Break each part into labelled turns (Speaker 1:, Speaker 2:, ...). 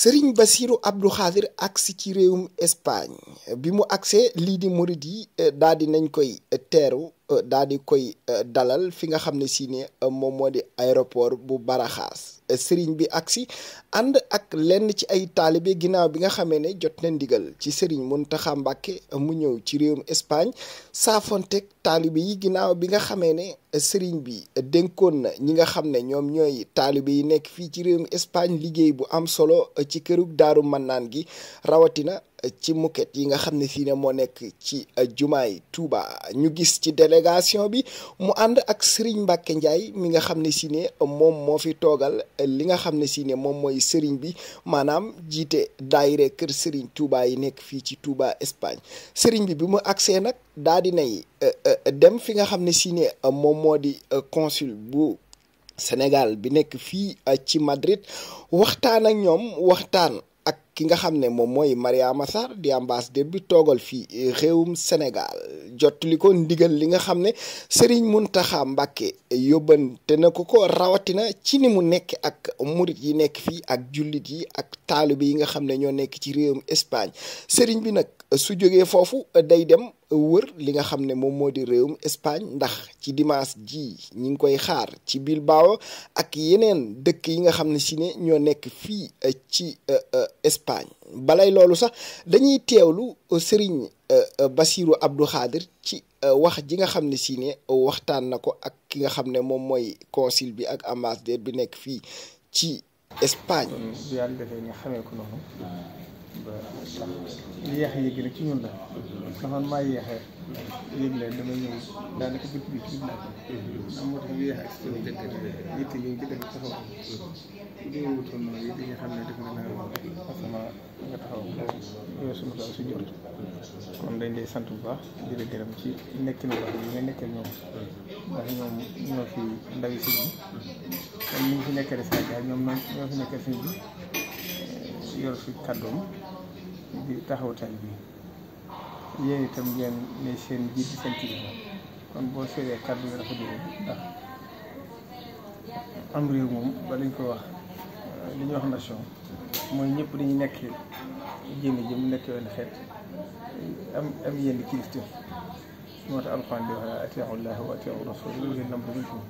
Speaker 1: sëriñ Basiiru Abdu Xaadir agsi ci réewum Espagne bi mu agsee lii di murit yi eh, daal di nañ koy eh, teeru Euh, daa di koy euh, dalal fi nga xam ne si ne euh, moom moo di aéroport bu Baraxaas sëriñ bi aksi ànd ak lenn ci ay taalibe ginnaaw bi nga xamee ne jot na ndigal ci sëriñ Muntaxa Mbàkke mu ñëw ci réewum Espagne saafonteeg taalibe yi ginnaaw bi nga xamee ne sëriñ bi dénkoon na ñi nga xam ne ñoom ñooy taalibe yi nekk fii ci réewum Espagne liggéey bu am solo ci kërug daaru mannaan gi rawatina ci muket yi nga xam ne siine moo nekk ci euh, jumaay Touba ñu gis ci délégation bi mu ànd ak Serigne Mbacke Ndiaye mi nga xam ne si moom moo fi toogal li nga xam ne si ne moom mooy Serigne bi maanaam jiite daayire kër Serigne Touba yi nekk fii ci Touba Espagne Serigne bi bi mu agsee nag daa di nay euh, euh, dem fi nga xam ne si moom moo di consul bu. Sénégal bi nekk fii ci Madrid waxtaan ak ñoom waxtaan ki nga xam ne moom mooy Mariama Sarr di ambassadeur bi toogal fii eh, réewum Sénégal jottali ko ndigal li nga xam ne Serigne Mountakha Mbacké yóbbante na ko ko rawatina ci ni mu nekk ak murit yi nekk fii ak jullit yi ak taalibe yi nga xam ne ñoo nekk ci réewum Espagne sëriñ bi nag su jógee foofu day dem wër li nga xam ne moom moo di réewum Espagne ndax ci dimaas ji ñi ngi koy xaar ci Bilbao ak yeneen dëkk yi nga xam ne si ne ñoo nekk fii eh, ci eh, eh, Espagne balay loolu sax dañuy teewlu sëriñ Bassirou Abdou Khadir ci Euh, wax ji nga xam ne si ne waxtaan na ko ak ki nga xam ne moom mooy consul bi ak ambassadeur bi nekk fii ci Espagne. bi ndax
Speaker 2: li yéex a yëg rek ci ñun la ndax man maa yéexee yëg leen damay ñëw daanaka bët bi ci naa ko ndax moo tax yéex ak suñu jëkk yitte yi di def taxaw di wutoon noonu nga taxaw yooyu suñu kaw si jot kon dañ lay sant bu baax di la gërëm ci nekkin wax yi nga nekkal ñoom ndax ñoom ñoo fi ndawi sëñ bi kon ñu ngi fi nekkale Sénégal ñoom ñoo fi nekkal sëñ bi yor fi kàddoom di taxaw taalibe bi yéen itam ngeen ne seen jiit seen kilifa kon boo seetee kàddu yi dafa jóge ndax am réew moom ba lañ koy wax euh, li ñuy wax nation mooy ñëpp dañu nekk jëm jëm nekk yoon xeet am am yenn kilifte moo tax alxuraan di wax atiiu llaah wa atiiu rasuul ulil amri minkum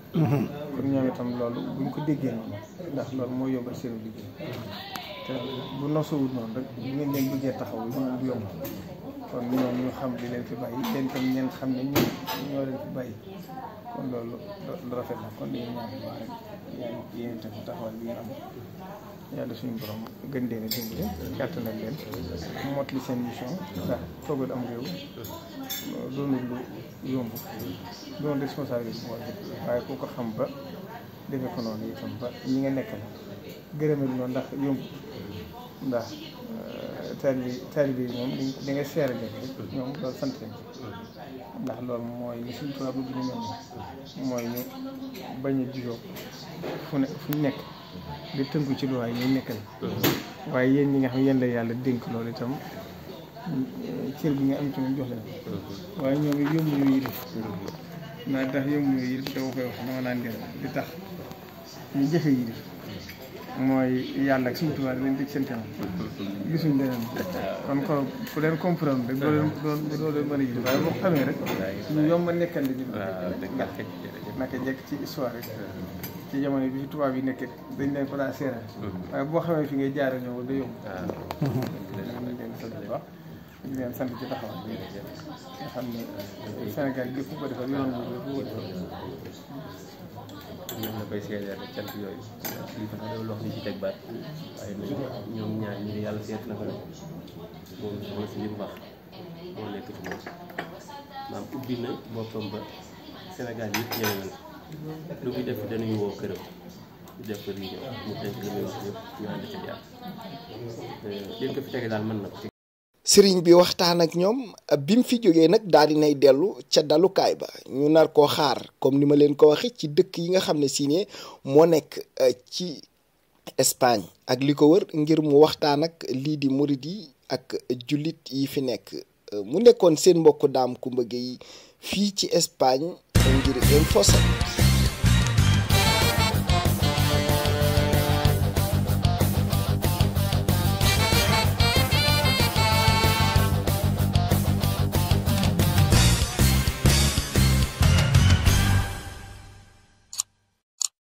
Speaker 2: kon ñoom itam loolu buñ ko déggee noonu ndax loolu moo yombal seen liggéey bu nosuwul noonu rek bu ngeen leen bëggee taxaw lu mu yomb kon ñoom ñu xam li leen fi bàyyi leen tam ñeen xam ne ñoo leen fi kon loolu lu rafet kon dañuy ñaan baax rek yéen yéen itam taxawal suñu borom gën leen a dimbali gàttanal leen mot li seen mission ndax am réew doonul lu yomb doon responsabilité moo waaye koo ko xam ba defe ko noonu itam ba ñi nga nekk la gërëmal noonu ndax yomb ndax euh, taal bi bi moom da nga seer rek ñoom loolu sant nañ ndax loolu mooy li suñu tubaab bëgg ñu mel mooy ñu bañ a juyoo ne ñu nekk di tënku ci luwaay yi nekkal waaye yéen nga xam yéen la yàlla dénk loolu itam cër bi nga am ci moom jox leen waaye ñoom it yomb ñu yilif naa tax yomb ñu yilif naan ngeen di tax ñu jëfe yilif mooy yàlla ak suñu tubaab dañ dégg seen kanam gisuñ leneen kon ko ku leen comprendre rek doo leen doo leen mën a gis waaye boo xamee rek ñu yomb a nekkal li ñu ndax naka jekk ci histoire rek ci tubaab yi nekkee dañ leen ko daa seeral mm-hmm. waaye boo xamee fi ngay jaara ñëw da yomb di leen sant ci taxawaay bi nga xam ne Sénégal gi fu ko defal yoon bi fu ko defal ñoom la koy seedeel ak cant yooyu lii dafa doon loo xam ne ci teg baat waaye ñoom ñaar ñi ne yàlla seet na ko nag moom
Speaker 1: mooy si li mu wax moo nekk ci moom maam ubbi na boppam ba Sénégal yëpp ñëw na lu muy def dañuy woo këram di def ko réunion mu tënk li muy wax yëpp ñu ànd ci jàpp li nga ko fi tege daal mën na ko sëriñ bi waxtaan ak ñoom bi mu fi jógee nag daal nay dellu ca dalukaay ba ñu nar ko xaar comme ni ma leen ko waxee ci dëkk yi nga xam ne si moo nekk euh, ci Espagne ak li ko wër ngir mu waxtaan ak lii di murid yi ak jullit yi fi nekk euh, mu nekkoon seen mbokku daam ku mbëgge yi fii ci Espagne ngir Infos7